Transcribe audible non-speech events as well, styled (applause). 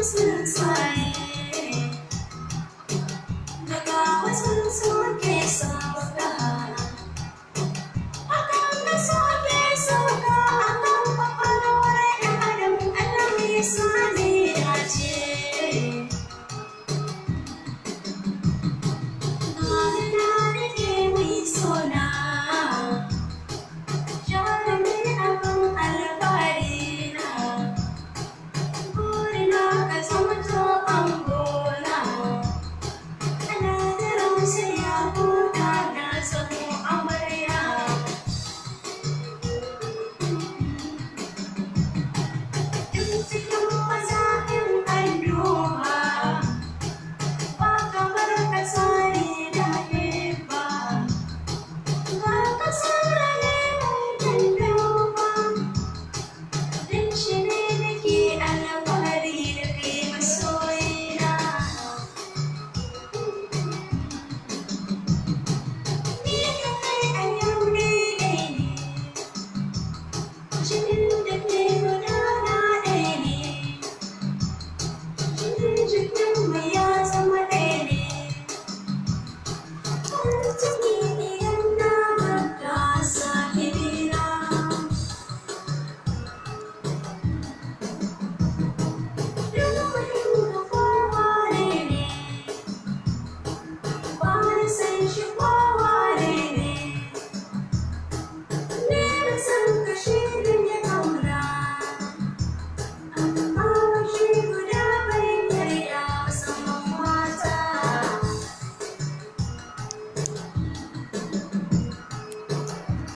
Sensei. Thank (laughs) you.